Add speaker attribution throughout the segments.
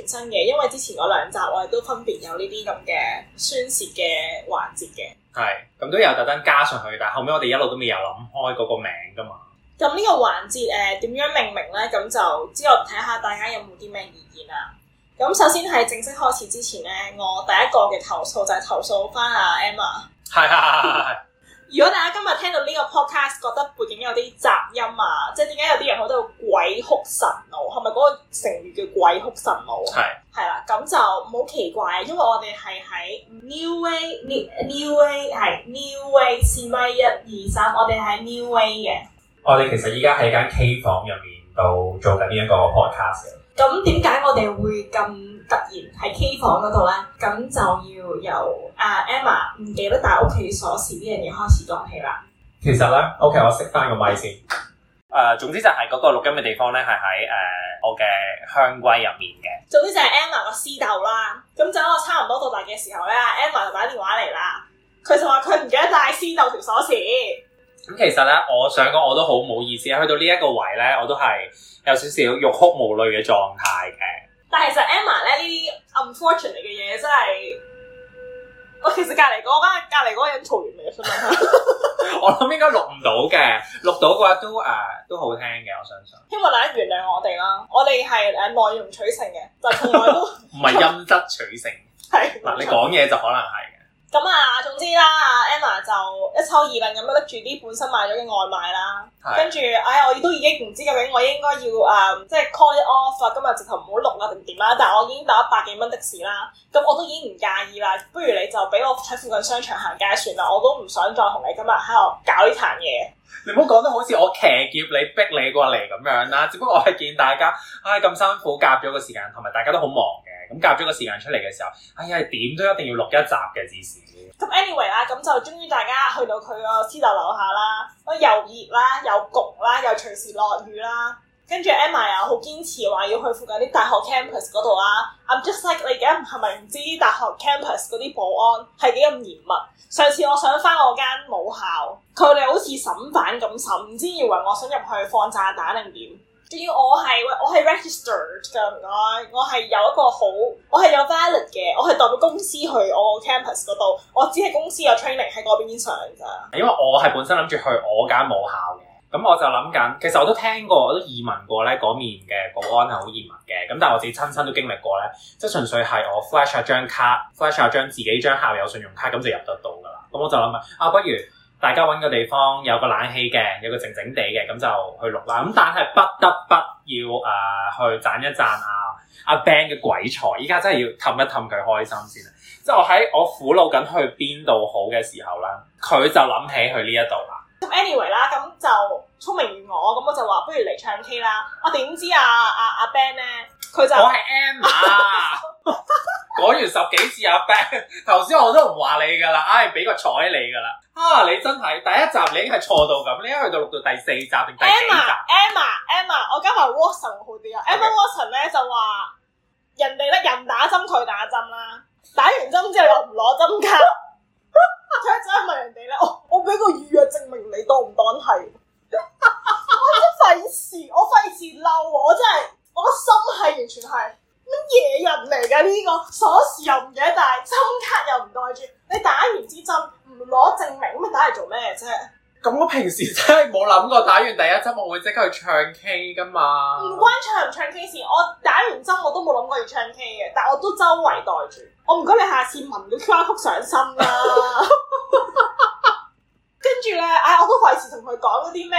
Speaker 1: 全新嘅，因為之前嗰兩集我哋都分別有呢啲咁嘅宣泄嘅環節嘅，
Speaker 2: 係咁都有特登加上去，但後尾我哋一路都未有諗開嗰個名噶嘛。
Speaker 1: 咁呢個環節誒點樣命名咧？咁就之後睇下大家有冇啲咩意見啦。咁首先喺正式開始之前咧，我第一個嘅投訴就係投訴翻阿 Emma。係係
Speaker 2: 係係係。
Speaker 1: 如果大家今日聽到呢個 podcast，覺得背景有啲雜音啊，即係點解有啲人喺度鬼哭神怒？係咪嗰個成語叫鬼哭神怒啊？係係啦，咁就唔好奇怪，因為我哋係喺 New Way New Way 係 New Way 千米一二三，a, 1, 1, 2, 3, 我哋喺 New Way 嘅。
Speaker 2: 我哋其實依家喺間 K 房入面度做緊呢一個 podcast。
Speaker 1: 咁點解我哋會咁？突然喺 K 房
Speaker 2: 嗰度咧，咁就要由阿、啊、Emma 唔記得帶屋企鎖匙呢樣嘢開始講起啦。其實咧，OK，我熄翻個咪先。誒、呃，總之就係嗰個錄音嘅地方咧，係喺誒我嘅香龜入面嘅。
Speaker 1: 總之就係 Emma 個私竇啦。咁就喺我差唔多到達嘅時候咧，Emma 就打電話嚟啦。佢就話佢唔記得帶私竇條鎖匙。
Speaker 2: 咁、嗯、其實咧，我想講我都好唔好意思，去到呢一個位咧，我都係有少少欲哭無淚嘅狀態嘅。
Speaker 1: 但係其實 Emma 咧呢啲 unfortunate
Speaker 2: 嘅嘢真係，我其實隔離嗰間隔離嗰個人嘈完未啊？ 我諗應該錄唔到嘅，錄到嘅話都誒、uh, 都好聽嘅，我相信。希
Speaker 1: 望大家原諒我哋啦，我哋係誒
Speaker 2: 內容取勝嘅，就從來都唔係 音質取勝。係嗱，你講嘢就可能係。
Speaker 1: 咁啊、嗯，總之啦，阿 Emma 就一抽二揼咁拎住啲本身買咗嘅外賣啦，是的 跟住唉、哎，我都已經唔知究竟我應該要啊、呃，即係 call off 啊，今日直頭唔好錄啦定點啦，但我已經打百幾蚊的士啦，咁我都已經唔介意啦，不如你就俾我喺附近商場行街算啦，我都唔想再同你今日喺度搞呢壇嘢。
Speaker 2: 你唔好講得好似我騎劫你逼你過嚟咁樣啦，只不過我係見大家唉咁辛苦夾咗個時間，同埋大家都好忙。咁夾咗個時間出嚟嘅時候，哎呀點都一定要錄一集嘅至少。
Speaker 1: 咁 anyway 啦，咁就終於大家去到佢個私樓樓下啦，又熱啦，又焗啦，又隨時落雨啦。跟住 Emma 又好堅持話要去附近啲大學 campus 嗰度啦。I'm just like 你而家係咪唔知大學 campus 嗰啲保安係幾咁嚴密？上次我想翻我間母校，佢哋好似審犯咁審，唔知以為我想入去放炸彈定點？仲要我係我係 registered 㗎，我拜拜我係有一個好，我係有 valid 嘅，我係代表公司去我 campus 嗰度，我只係公司有 training 喺嗰邊
Speaker 2: 上㗎。因為我係本身諗住去我間母校嘅，咁我就諗緊，其實我都聽過，我都耳聞過呢嗰面嘅保安係好嚴密嘅，咁但係我自己親身都經歷過呢，即係純粹係我 flash 一張卡，flash 一張自己張校友信用卡咁就入得到㗎啦。咁我就諗緊，啊不如。大家揾個地方有個冷氣嘅，有個靜靜地嘅，咁就去錄啦。咁但係不得不要誒、呃、去讚一讚啊阿、啊、Ben 嘅鬼才，依家真係要氹一氹佢開心先啊！即係我喺我苦惱緊去邊度好嘅時候啦，佢就諗起去呢一度啦。
Speaker 1: 咁 anyway 啦，咁就聰明如我，咁我就話不如嚟唱 K 啦。我點知啊阿啊，啊 Ben 咧，佢就我係 Emma。
Speaker 2: 講 完十幾次阿 Ben，頭先我都唔話你噶啦，唉，俾個彩你噶啦，啊，你真係第一集你已經係錯到咁，你去到錄到第四集定
Speaker 1: ？Emma，Emma，Emma，Emma，我加埋 Okay. Watson 好啲啊。Emma Watson 咧就話人哋，咧人打針佢打針啦。
Speaker 2: 平時真係冇諗過打完第一針我會即刻去唱 K 噶嘛？
Speaker 1: 唔關唱唔唱 K 事，我打完針我都冇諗過要唱 K 嘅，但我都周圍待住。我唔該你下次聞到曲曲上身啦。 跟住咧，哎，我都費事同佢講嗰啲咩？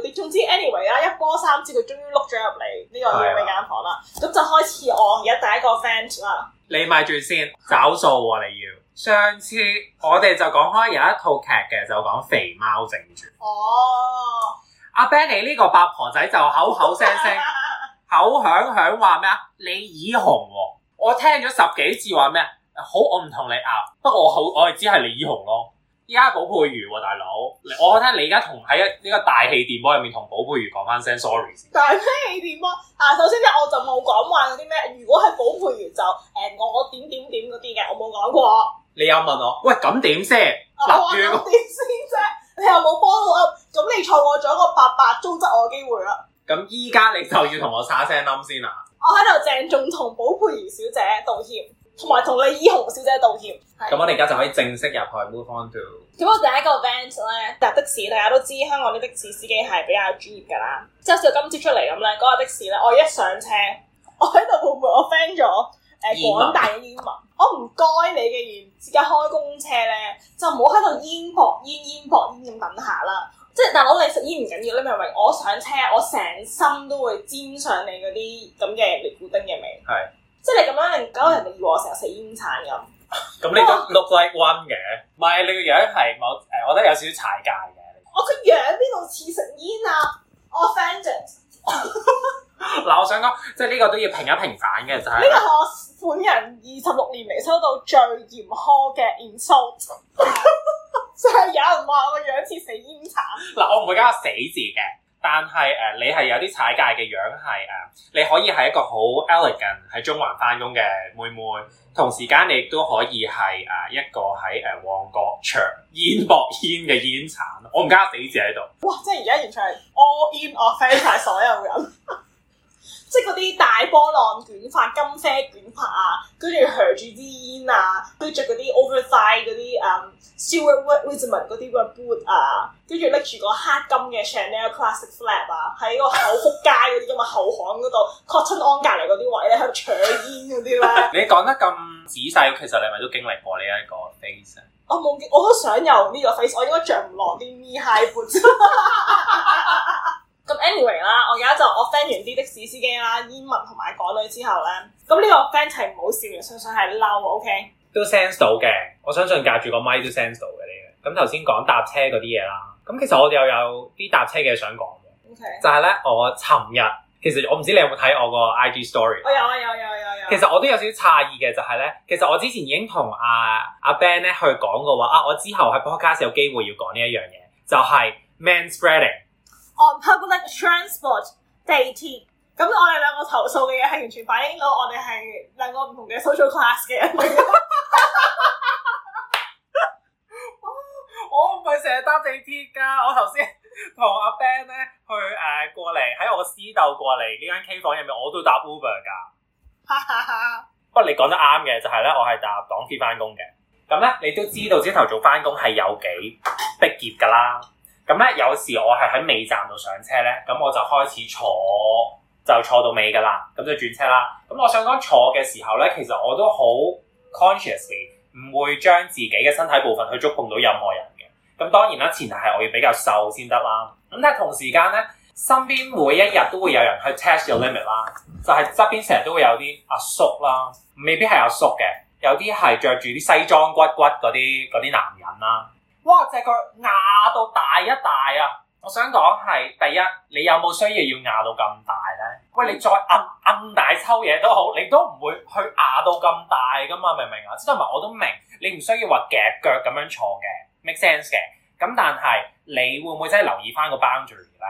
Speaker 1: 總之，anyway 啦，一波三折，佢終於碌咗入嚟呢個嘢嘅眼堂啦，咁的就開始 o 而家第一個
Speaker 2: event 啦。你咪住先，找數喎、啊、你要。上次我哋就講開有一套劇嘅，就講《肥貓正傳》。哦，阿、啊、Benny 呢個八婆仔就口口聲聲 口響響話咩啊？李以雄喎，我聽咗十幾次話咩？好，我唔同你拗，不過我好，我係知係李以雄咯。依家寶貝魚大佬，我覺得你而家同喺呢個大氣電波入面同寶貝魚講翻聲 sorry 先。
Speaker 1: 大氣電波，啊，首先即係我就冇講話嗰啲咩，如果係寶貝魚就誒、欸、我點點點嗰啲嘅，我冇講過。
Speaker 2: 你有問我，喂咁點先？嗱，轉我
Speaker 1: 先啫，你又冇幫到我，咁你錯過咗一個白白糟質我嘅機會啦。
Speaker 2: 咁依家你就要同我嘥聲噏先啦。
Speaker 1: 我喺度鄭重同寶貝魚小姐道歉。同埋同你依紅小姐道歉。
Speaker 2: 咁我哋而家就可以正式入去 move on to，
Speaker 1: 咁我第一個 event 咧，搭的士，大家都知香港啲的，的士司機係比較專業㗎啦。即係好似今朝出嚟咁咧，嗰、那個的士咧，我一上車，我喺度冒昧我 friend 咗誒廣大嘅煙民，煙霧我唔該你嘅，而家開公車咧，就唔好喺度煙薄煙煙薄煙咁等下啦。即係大佬你食煙唔緊要，你明唔明？我上車我成身都會沾上你嗰啲咁嘅尼古丁嘅味。係。即係你咁樣
Speaker 2: 搞，人哋以為我成日食煙鏟咁。咁你都 look like one 嘅，唔係你個樣係我誒，我覺得有少少踩界嘅。
Speaker 1: 我個樣邊度似食煙啊？Offended。
Speaker 2: 嗱，我想講，即係呢個都要平一平反嘅就係。呢個我
Speaker 1: 本人二十六年嚟收到最嚴苛嘅 insult，就係 有人話我個樣似食煙鏟。
Speaker 2: 嗱、 嗯，我唔會加死字嘅。但係誒、呃，你係有啲踩界嘅樣，係誒、呃，你可以係一個好 elegant 喺中環翻工嘅妹妹，同時間你亦都可以係誒、呃、一個喺誒、呃、旺角長煙駁煙嘅煙鏟，我唔加死字喺度。哇！
Speaker 1: 即係而家完全係 all in all 晒 所有人。 即係嗰啲大波浪捲髮、金啡捲髮啊，跟住吸住支煙啊，跟住嗰啲 oversize 嗰啲誒 sweater women 嗰啲 wool boot 啊，跟住拎住個黑金嘅 Chanel classic flap 啊，喺個厚福街嗰啲啊嘛後巷嗰度 Cotton On 隔離嗰啲位咧喺度搶煙嗰啲
Speaker 2: 咧。你講得咁仔細，其實你係咪都經歷過呢一個 face？
Speaker 1: 我冇，我都想有呢個 face，我應該著唔落啲咩 high boot？ Anyway 啦，我而家就我 friend 完啲的士司機啦、
Speaker 2: 煙民同埋港女之後咧，咁呢個 friend 係唔好笑嘅，相信係嬲，OK？都 sense 到嘅，我相信隔住個麥都 sense 到嘅呢。咁頭先講搭車嗰啲嘢啦，咁其實我又有啲搭車嘅想講嘅，OK？就係咧，我尋日其實我唔知你有冇睇我個 IG story，我有，我有，有，有，有。其實我都有少少詫異嘅，就係咧，其實我之前已經同阿阿 Ben 咧去講過話啊，我之後喺 Podcast 有機會要講呢一樣嘢，就係 man spreading。
Speaker 1: On public transport，地鐵，咁我哋兩個投訴嘅嘢係完全反映到我哋係兩個唔同嘅 social class 嘅
Speaker 2: 我唔係成日搭地鐵㗎，我頭先同阿 Ben 咧去誒、呃、過嚟，喺我私竇過嚟呢間 K 房入面，我都搭 Uber 㗎。 不過你講得啱嘅，就係、是、咧，我係搭港鐵翻工嘅。咁咧，你都知道朝頭早翻工係有幾逼傑㗎啦。咁咧，有時我係喺尾站度上車咧，咁我就開始坐，就坐到尾噶啦，咁就轉車啦。咁我想講坐嘅時候咧，其實我都好 consciously 唔會將自己嘅身體部分去觸碰到任何人嘅。咁當然啦，前提係我要比較瘦先得啦。咁但係同時間咧，身邊每一日都會有人去 test your limit 啦，就係側邊成日都會有啲阿叔啦，未必係阿叔嘅，有啲係着住啲西裝骨骨嗰啲嗰啲男人啦。哇！隻腳壓到大一大啊！我想講係第一，你有冇需要要壓到咁大咧？喂，你再摁摁大抽嘢都好，你都唔會去壓到咁大噶嘛？明唔明啊？即係同埋我都明，你唔需要話夾腳咁樣坐嘅，make sense 嘅。咁但係你會唔會真係留意翻個 boundary 咧？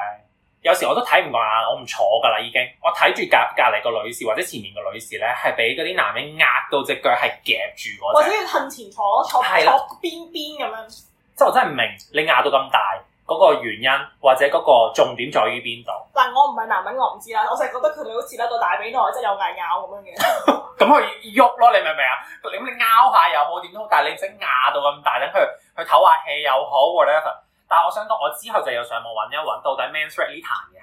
Speaker 2: 有時我都睇唔過，我唔坐噶啦已經。我睇住隔隔離個女士或者前面個女士咧，係俾嗰啲男人壓到隻腳係夾住我。
Speaker 1: 或者要向前坐坐落邊邊咁樣。
Speaker 2: 即我真係唔明你咬到咁大嗰個原因，或者嗰個重點在於邊度？但係
Speaker 1: 我唔係男人，我唔知啦。我就係覺得佢哋好似甩到大鼻
Speaker 2: 袋，即係有嗌咬咁樣嘅。咁佢喐咯，你明唔明啊？咁你拗下又好，點都好，但係你整牙到咁大，等佢去唞下氣又好喎咧。但係我想講我之後就有上網揾一揾，到底 manspreading 呢壇嘢。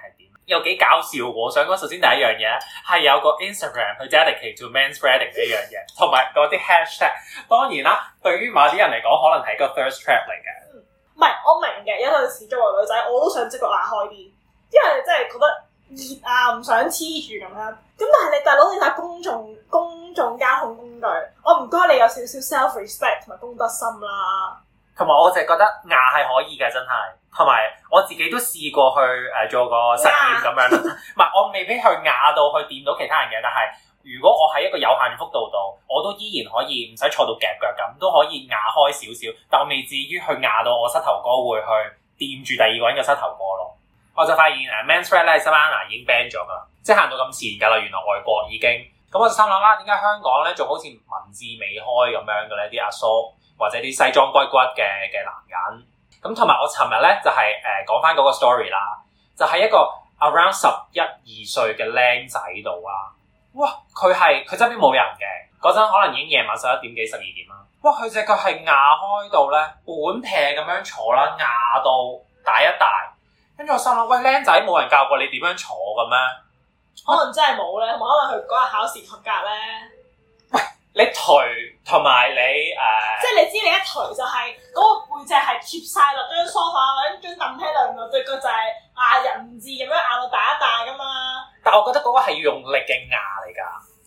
Speaker 2: 有幾搞笑喎！我想講首先第一樣嘢係有個 Instagram 去 dedicated 做 men spreading 呢樣嘢，同埋嗰啲 hashtag。當然啦，對於某啲人嚟講，可能係個 first trap 嚟嘅。
Speaker 1: 唔係、嗯、我明嘅，有陣時作為女仔，我都想即刻牙開啲，因為真係覺得熱啊，唔想黐住咁樣。咁但係你大佬，你睇公眾公眾交通工具，我唔該你有少少 self respect 同埋公德心啦。
Speaker 2: 同埋我淨係覺得牙係可以嘅，真係。同埋我自己都試過去誒、呃、做個實驗咁樣，唔係 我未必去壓到去掂到其他人嘅，但係如果我喺一個有限幅度度，我都依然可以唔使坐到夾腳咁，都可以壓開少少，但我未至於去壓到我膝頭哥會去掂住第二個人嘅膝頭哥咯。我就發現 manspreading 咧喺西班牙已經 ban 咗㗎啦，即係行到咁前㗎啦，原來外國已經咁我就心諗啦，點、啊、解香港咧仲好似文字未開咁樣嘅咧？啲阿叔或者啲西裝骨骨嘅嘅男人。咁同埋我尋日咧就係誒講翻嗰個 story 啦，就係、是、一個 around 十一二歲嘅僆仔度啊。哇！佢係佢側邊冇人嘅，嗰陣可能已經夜晚十一點幾十二點啦，哇！佢隻腳係壓開到咧半劈咁樣坐啦，壓到大一大，
Speaker 1: 跟住我心諗，喂，僆仔冇
Speaker 2: 人教過你點樣坐嘅咩？
Speaker 1: 可能真係冇咧，可能佢嗰日考試合格咧。
Speaker 2: 喂，你頹？同埋你誒，uh,
Speaker 1: 即係你知你一抬就係、是、嗰、那個背脊係貼晒落張梳化或者張凳梯度，兩隻腳就係壓人字咁樣壓到大一笪㗎嘛。
Speaker 2: 但係我覺得嗰個係要用力嘅壓嚟㗎，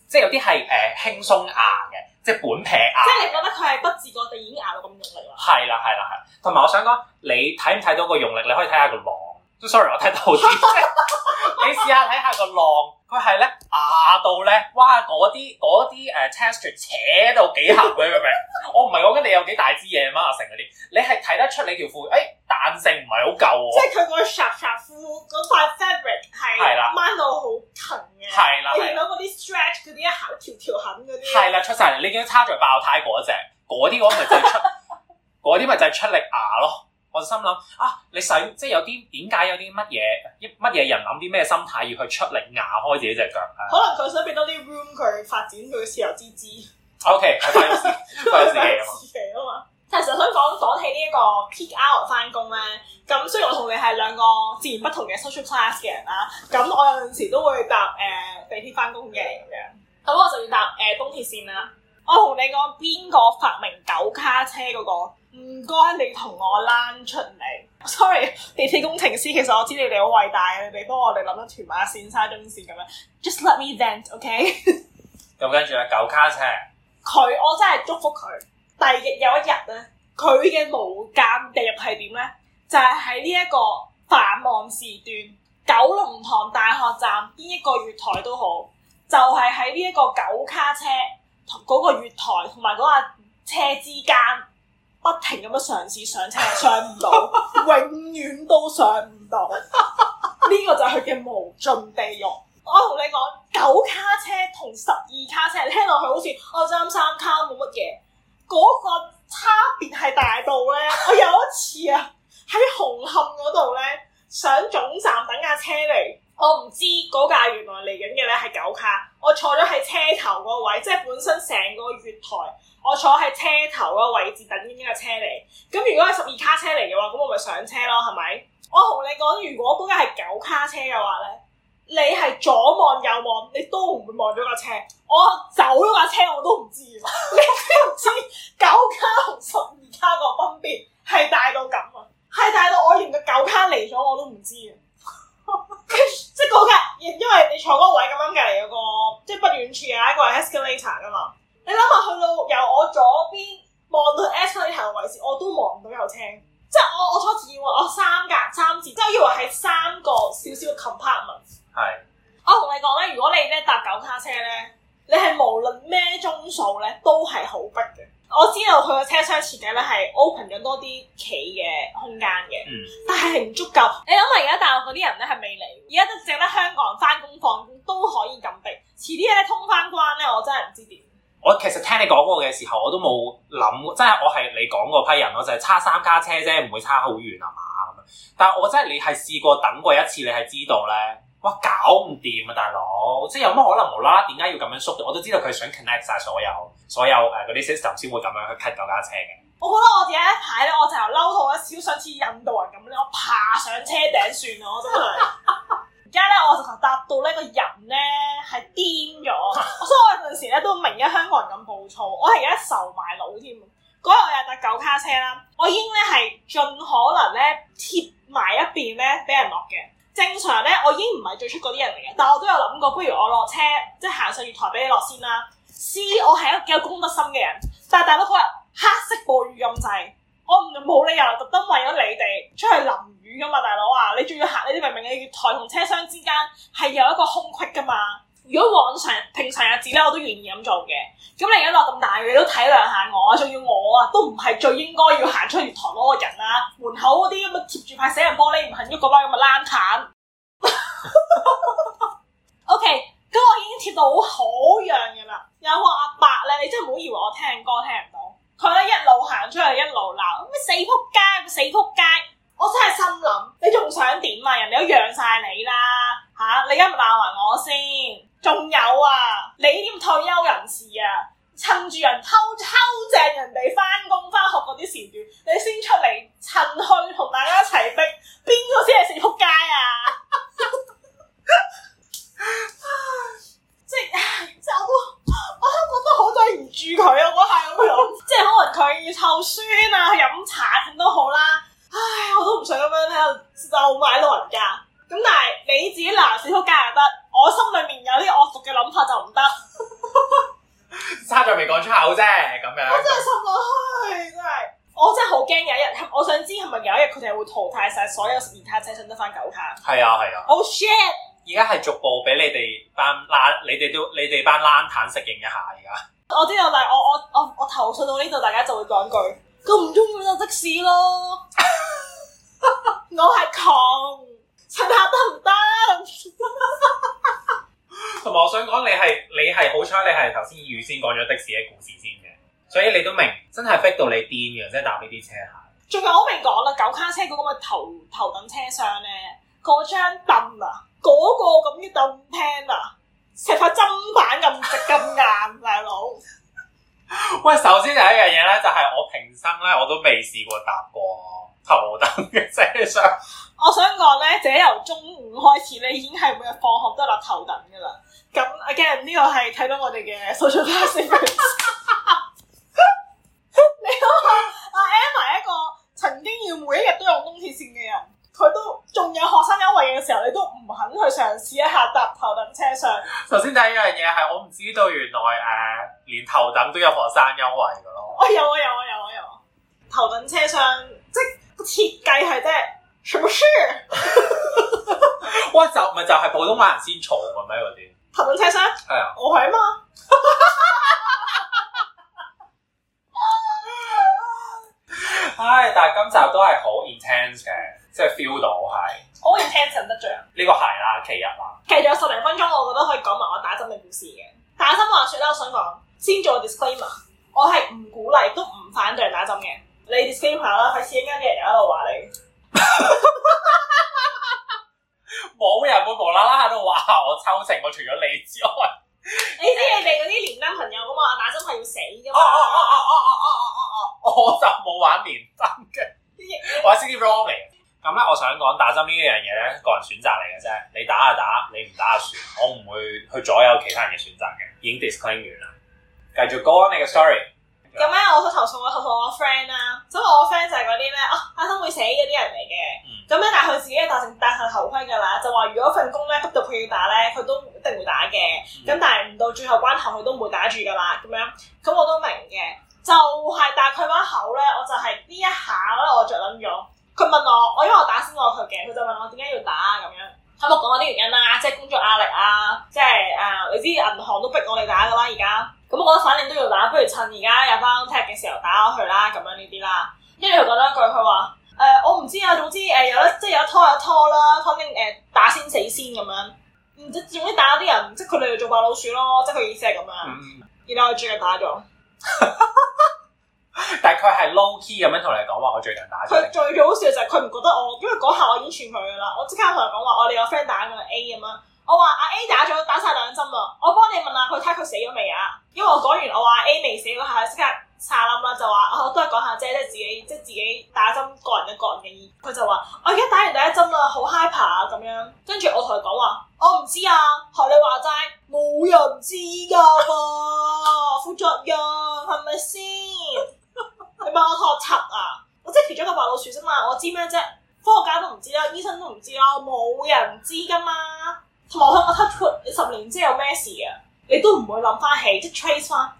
Speaker 2: 即係有啲係誒輕鬆壓嘅，即係本平壓。
Speaker 1: 即係你覺得佢係不自覺地已經壓到咁用力
Speaker 2: 啦。係啦係啦係。同埋我想講，你睇唔睇到個用力？你可以睇下個浪。Sorry，我睇到啲。 你試下睇下個浪。佢係咧牙到咧，哇！嗰啲嗰啲誒 test 扯到幾痕，明唔明？我唔係講緊你有幾大支嘢啊，阿成嗰啲，你係睇得出你條褲誒、哎、彈性唔係好夠喎。即係佢個
Speaker 1: 刷刷褲嗰塊 fabric 係彎到好近嘅。係啦，係嗰啲 stretch 嗰啲一痕條條痕嗰啲。係啦，出晒
Speaker 2: 嚟，你見到差在爆胎嗰隻，嗰啲我咪就出，嗰啲咪就係出力牙咯。我心諗啊，你使即係有啲，點解有啲乜嘢、乜嘢人諗啲咩心態要去出力咬開自己隻腳？可能
Speaker 1: 佢想俾多啲 room，佢發展佢嘅自由之姿。
Speaker 2: O K，係自己，翻自
Speaker 1: 己啊嘛！其實想講講起呢一個 peak hour 翻工咧，咁雖然我同你係兩個自然不同嘅 social class 嘅人啦，咁我有陣時都會搭誒、呃、地鐵翻工嘅咁樣。咁我就要搭誒東、呃、鐵線啦。我同你講邊個發明九卡車嗰、那個？唔該，你同我攬出嚟。sorry，地鐵工程師其實我知道你哋好偉大嘅，你幫我哋諗咗屯馬線、沙中線咁樣。Just let me vent, OK。
Speaker 2: 咁跟住咧，九卡車
Speaker 1: 佢我真係祝福佢。第二日有一日咧，佢嘅無間地獄係點咧？就係喺呢一個繁忙時段，九龍塘大學站邊一個月台都好，就係喺呢一個九卡車嗰個月台同埋嗰架車之間。不停咁樣嘗試上車，上唔到， 永遠都上唔到。呢 個就係佢嘅無盡地獄。 我同你講，九卡車同十二卡車，你聽落去好似我爭三卡冇乜嘢，嗰、嗰個差別係大到呢。 我有一次啊，喺紅磡嗰度呢，上總站等架車嚟，我唔知嗰架原來嚟緊嘅呢係九卡。我坐咗喺車頭嗰個位，即係本身成個月台，我坐喺車頭嗰個位置等。架車嚟，咁如果係十二卡車嚟嘅話，咁我咪上車咯，係咪？我同你講，如果嗰個係九卡車嘅話咧，你係左望右望，你都唔會望咗架車。我走咗架車我 我，我都唔知。你知唔知九卡同十二卡個分別係大到咁啊？係大到我連個九卡嚟咗我都唔知啊！即係嗰架，因為你坐嗰個位咁樣隔籬，有、嗰個即係、就是、不遠處有一個 escalator 噶嘛。即係我我初時以為我三格三字，即係以為係三個少少嘅 compartment。
Speaker 2: 係
Speaker 1: 是。我同你講咧，如果你咧搭九卡車咧，你係無論咩鐘數咧都係好逼嘅。我知道佢個車廂設計咧係 open 咗多啲企嘅空間嘅，嗯、但係係唔足夠。你諗下而家大陸嗰啲人咧係未嚟，而家都剩得香港人翻工放工都可以咁逼，遲啲咧通翻關咧，我真係唔知點。
Speaker 2: 我其實聽你講過嘅時候，我都冇諗，即係我係你講嗰批人咯，我就係差三架車啫，唔會差好遠啊嘛咁樣。但係我真係你係試過等過一次，你係知道咧，哇搞唔掂啊大佬！即係有乜可能無啦？點解要咁樣縮？我都知道佢想 connect 晒所有所有誒嗰啲 system 先會咁樣去 cut 九架車嘅。
Speaker 1: 我覺得我哋喺一排咧，我就由嬲到一少少，好似印度人咁咧，我爬上車頂算啦，我真係。而家咧，我就實到呢個人咧係癲咗， 所以我有陣時咧都明一香港人咁暴躁，我係而家愁埋腦添。嗰日我又搭九卡車啦，我已經咧係盡可能咧貼埋一邊咧俾人落嘅。正常咧，我已經唔係最出嗰啲人嚟嘅，但我都有諗過，不如我落車即係行上月台俾你落先啦。知我係一個幾有公德心嘅人，但係大佬嗰日黑色暴雨咁滯，就係，我唔冇理由特登為咗你哋出去淋雨噶嘛。仲要行呢啲，明明嘅月台同車廂之間係有一個空隙噶嘛。如果往常平常日子咧，我都願意咁做嘅。咁你而家落咁大雨，你都體諒下我，仲要我啊，都唔係最應該要行出月台嗰個人啦，啊。門口嗰啲咁樣貼住塊死人玻璃，唔肯喐個包咁咪冷淡。O K，咁我已經貼到好樣嘅啦。有個阿伯咧，你真係唔好以為我聽歌聽唔到，佢一路行出去一路鬧，咩死仆街，死仆街。我真係心諗，你仲想點啊？人哋都讓晒你啦，吓，你而家咪鬧埋我先，仲有啊！你啲退休人士啊，趁住人偷偷掟人哋翻。
Speaker 2: 你哋都你哋班冷淡，適應一下而家。
Speaker 1: 我知，有但我我我我投訴到呢度，大家就會講句：咁唔中意就的士咯。 我係窮，乘客得唔得？同
Speaker 2: 埋，我想講你係你係好彩，你係頭先預先講咗的士嘅故事先嘅，所以你都明，真係逼到你癲嘅，真係搭呢啲車吓。
Speaker 1: 仲有我未講啦，九卡車嗰個頭頭等車廂咧，嗰張凳啊，嗰、嗰個咁嘅凳廳啊。嗰個成塊砧板咁直，咁硬 大，大佬。
Speaker 2: 喂，首先第一樣嘢咧，就係、是、我平生咧我都未試過搭過頭等嘅車廂。
Speaker 1: 我想講咧，自己由中午開始咧，已經係每日放學都係落頭等噶啦。咁，阿 Ken 呢個係睇到我哋嘅 s u 你睇阿 Emma 一個曾經要每一日都用公廁先嘅人。佢都仲有學生優惠嘅時候，你都唔肯去嘗試一下搭頭等車廂。
Speaker 2: 首先第一樣嘢係，我唔知道原來誒、呃、連頭等都有學生優惠㗎囉。哦，
Speaker 1: 有啊有啊有啊有啊，有啊！頭等車廂即設計係即，什麼樹？
Speaker 2: 喂！ 就咪就係、是、普通話人先嘈嘅咩嗰啲頭
Speaker 1: 等車廂係啊，我係啊嘛。
Speaker 2: 唉，但係今集都係好 intense 嘅。即係 feel 到係，我
Speaker 1: i n t e n 得最。呢
Speaker 2: 個係啦，其一啦。
Speaker 1: 其實仲有十零分鐘，我覺得可以講埋我打針嘅故事嘅。打針話説啦，我想講先做 disclaimer，我係唔鼓勵，都唔反對打針嘅。你 disclaimer 啦，佢私
Speaker 2: 隱區啲人喺度話你。冇 人會無啦啦喺度話我抽秤，我除咗你之外。
Speaker 1: 你知你哋嗰啲連登朋友噶嘛？打針係要死噶嘛？哦哦哦哦哦哦
Speaker 2: 哦哦哦！我就冇玩連登嘅，玩 CVR o 嚟。咁咧，我想講打針呢一樣嘢咧，個人選擇嚟嘅啫。你打就打，你唔打就算。我唔會去左右其他人嘅選擇嘅。已經 disclaim 完啦，繼續 go on 你嘅 story。
Speaker 1: 咁咧，我想投訴我同我 friend 啦、啊。咁我 friend 就係嗰啲咩哦，阿、啊啊、生會死嗰啲人嚟嘅。咁咧、嗯，但係佢自己戴成戴頭盔㗎啦。就話如果份工咧，急到佢要打咧，佢都一定會打嘅。咁、嗯、但係唔到最後關頭，佢都唔會打住㗎嘛。咁樣，咁我都明嘅。就係、是、但係佢嗰把口咧，我就係呢一下咧，我著惗咗。佢問我，我因為我打先過佢嘅，佢就問我點解要打咁、啊、樣，咁我講我啲原因啦、啊，即係工作壓力啊，即係啊、呃，你知銀行都逼我哋打㗎啦而家，咁我覺得反正都要打，不如趁而家有翻 tag 嘅時候打落去啦，咁樣呢啲啦。跟住佢講咗一句，佢話誒我唔知啊，總之誒、呃、有一即係有拖有拖啦，反正誒、呃、打先死先咁樣，嗯，總之打咗啲人，即係佢哋做白老鼠咯，即係佢意思係咁樣。然後我最後打咗。
Speaker 2: 但佢係 low key 咁樣同你講
Speaker 1: 話，我最近打佢最搞笑就係佢唔覺得我，因為嗰下我已經串佢噶啦，我即刻同佢講話，我哋有 friend 打咗 A 咁啦，我話阿 A 打咗打晒兩針啦，我幫你問下佢睇佢死咗未啊？因為我講完我話 A 未死嗰、啊、下，即刻沙冧啦，就話我都係講下啫，即係自己即係自己打針個人嘅個人嘅意。佢就話我而家打完第一針啦，好 hyper 啊咁樣，跟住我同佢講話，我唔知啊，學你話齋，冇人知噶，副作用，係咪先？佢問我學柒啊？我即係其中一個白老鼠啫嘛，我知咩啫？科學家都唔知啦，醫生都唔知啦，冇人知噶嘛。同埋我學你十年後，即係有咩事啊？你都唔會諗翻起，即係 trace 翻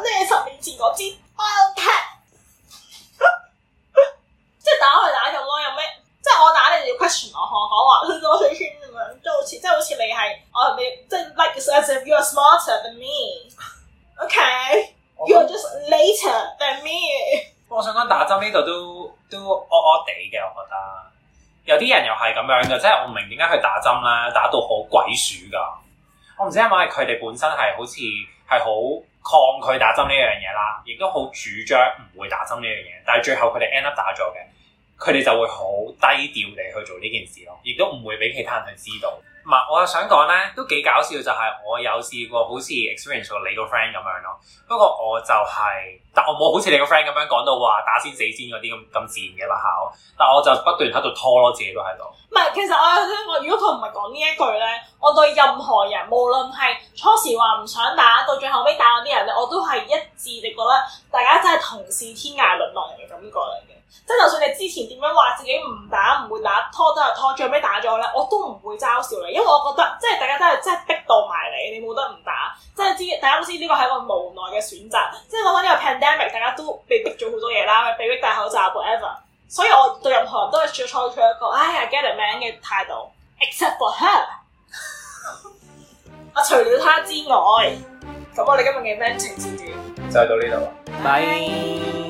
Speaker 1: 咩十年前嗰支我有 a t e s 即係打開打咁咯，有咩？即係我打你要 question，我可話去咗幾圈咁樣，即係好似，即係好似你係我未，即係 like as if you are smarter than me。Okay。You're just later than me。我想講
Speaker 2: 打針呢度都都噏噏地嘅，我覺得有啲人又係咁樣嘅，即係我唔明點解佢打針咧，打到好鬼鼠㗎。我唔知係咪佢哋本身係好似係好抗拒打針呢樣嘢啦，亦都好主張唔會打針呢樣嘢。但係最後佢哋 end up 打咗嘅，佢哋就會好低調地去做呢件事咯，亦都唔會俾其他人去知道。唔係，我係想講咧，都幾搞笑，就係、是、我有試過好似 experience 過你個 friend 咁樣咯。不過我就係，但我冇、就是、好似你個 friend 咁樣講到話打先死先嗰啲咁咁賤嘅把口。但我就不斷喺度拖咯，自己都喺度。
Speaker 1: 唔係，其實我我如果佢唔係講呢一句咧，我對任何人，無論係初時話唔想打，到最後尾打嗰啲人咧，我都係一致地覺得，大家真係同是天涯淪落人嘅感覺。即係就算你之前點樣話自己唔打，唔會打，拖都係拖，最尾打咗咧，我都唔會嘲笑你，因為我覺得即係大家真係即係逼到埋你，你冇得唔打。即係知大家都知呢個係一個無奈嘅選擇。即係我覺得呢個 pandemic，大家都被逼咗好多嘢啦，被逼戴口罩 whatever。所以我對任何人都係採取一個唉，I get it man 嘅態度，except for her。我除、， 啊、除了他之外，咁我哋今日嘅 mention 就
Speaker 2: 係到呢度啦，拜。Bye.